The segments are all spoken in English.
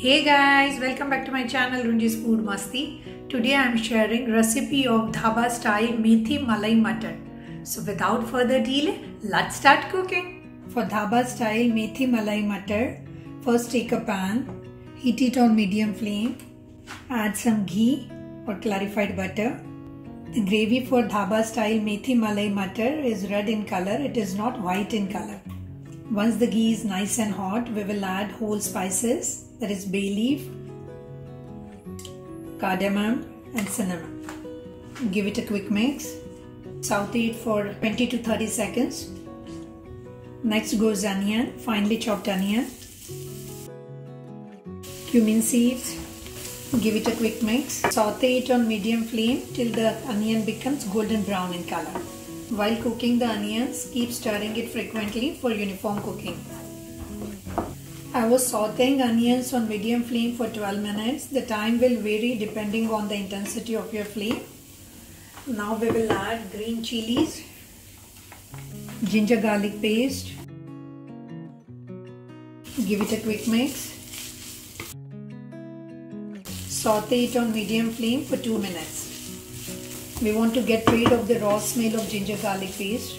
Hey guys, welcome back to my channel Runji's Food Masti. Today I am sharing recipe of Dhaba style Methi Malai Mutton. So without further delay, let's start cooking. For Dhaba style Methi Malai Mutton, first take a pan, heat it on medium flame, add some ghee or clarified butter. The gravy for Dhaba style Methi Malai Mutton is red in color, it is not white in color. Once the ghee is nice and hot, we will add whole spices that is bay leaf, cardamom and cinnamon. Give it a quick mix. Saute it for 20 to 30 seconds. Next goes onion, finely chopped onion, cumin seeds. Give it a quick mix. Saute it on medium flame till the onion becomes golden brown in color. While cooking the onions, keep stirring it frequently for uniform cooking. I was sauteing onions on medium flame for 12 minutes. The time will vary depending on the intensity of your flame. Now we will add green chilies, ginger garlic paste. Give it a quick mix. Saute it on medium flame for 2 minutes. We want to get rid of the raw smell of ginger garlic paste.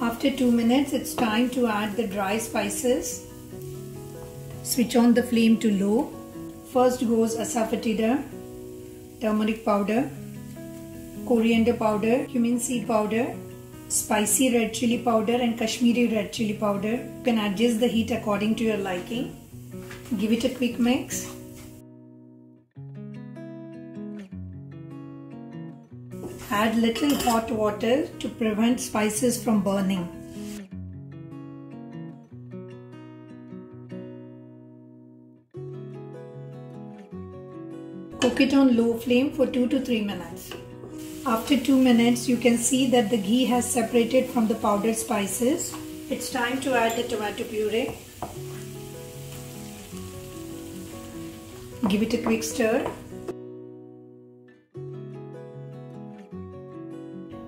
After 2 minutes, it's time to add the dry spices. Switch on the flame to low. First goes asafoetida, turmeric powder, coriander powder, cumin seed powder, spicy red chili powder and Kashmiri red chili powder. You can adjust the heat according to your liking. Give it a quick mix. Add little hot water to prevent spices from burning. Cook it on low flame for 2 to 3 minutes. After 2 minutes, you can see that the ghee has separated from the powdered spices. It's time to add the tomato puree. Give it a quick stir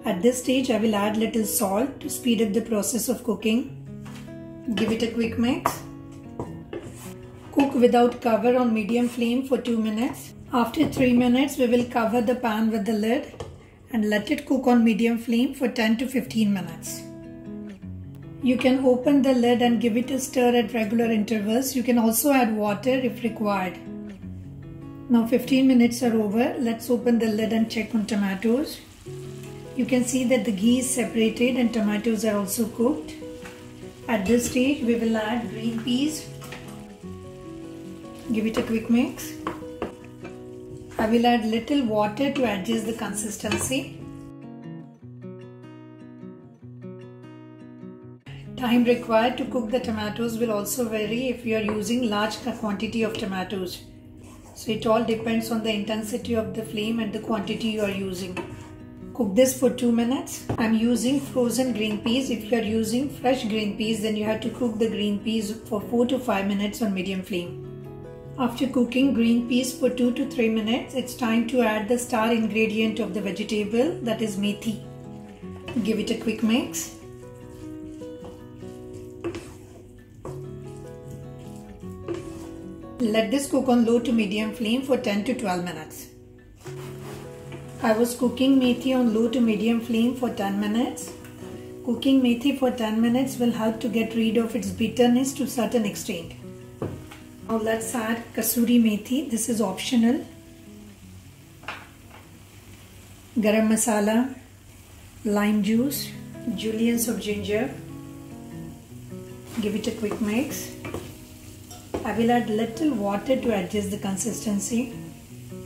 At this stage, I will add little salt to speed up the process of cooking. Give it a quick mix. Cook without cover on medium flame for 2 minutes. After 3 minutes, we will cover the pan with the lid and let it cook on medium flame for 10 to 15 minutes. You can open the lid and give it a stir at regular intervals. You can also add water if required. Now 15 minutes are over. Let's open the lid and check on tomatoes. You can see that the ghee is separated and tomatoes are also cooked. At this stage we will add green peas. Give it a quick mix. I will add little water to adjust the consistency. Time required to cook the tomatoes will also vary if you are using large quantity of tomatoes. So it all depends on the intensity of the flame and the quantity you are using. Cook this for 2 minutes. I'm using frozen green peas. If you are using fresh green peas, then you have to cook the green peas for 4 to 5 minutes on medium flame. After cooking green peas for 2 to 3 minutes, it's time to add the star ingredient of the vegetable that is methi. Give it a quick mix. Let this cook on low to medium flame for 10 to 12 minutes. I was cooking methi on low to medium flame for 10 minutes. Cooking methi for 10 minutes will help to get rid of its bitterness to certain extent. Now let's add kasuri methi. This is optional. Garam masala, lime juice, julienne of ginger. Give it a quick mix. I will add little water to adjust the consistency.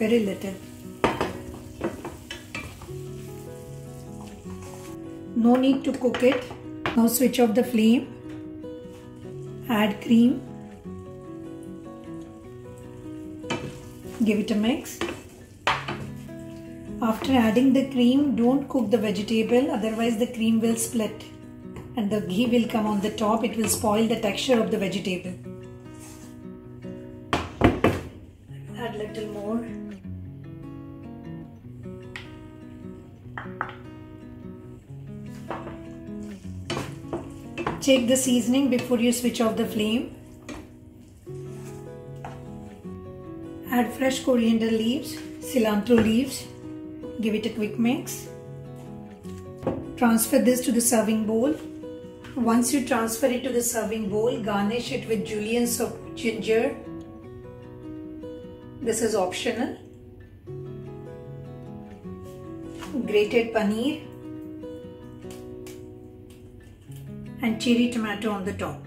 Very little. no need to cook it now switch off the flame add cream give it a mix after adding the cream don't cook the vegetable otherwise the cream will split and the ghee will come on the top it will spoil the texture of the vegetable add little more check the seasoning before you switch off the flame. Add fresh coriander leaves, cilantro leaves. Give it a quick mix. Transfer this to the serving bowl. Once you transfer it to the serving bowl, garnish it with julienne of ginger. This is optional. Grated paneer and cherry tomato on the top.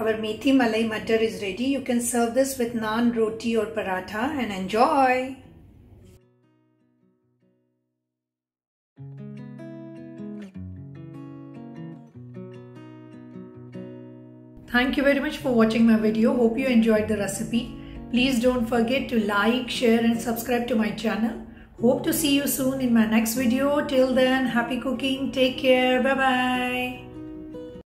Our methi malai matar is ready. You can serve this with naan, roti or paratha and enjoy. Thank you very much for watching my video. Hope you enjoyed the recipe. Please don't forget to like, share and subscribe to my channel. Hope to see you soon in my next video. Till then, happy cooking. Take care. Bye-bye.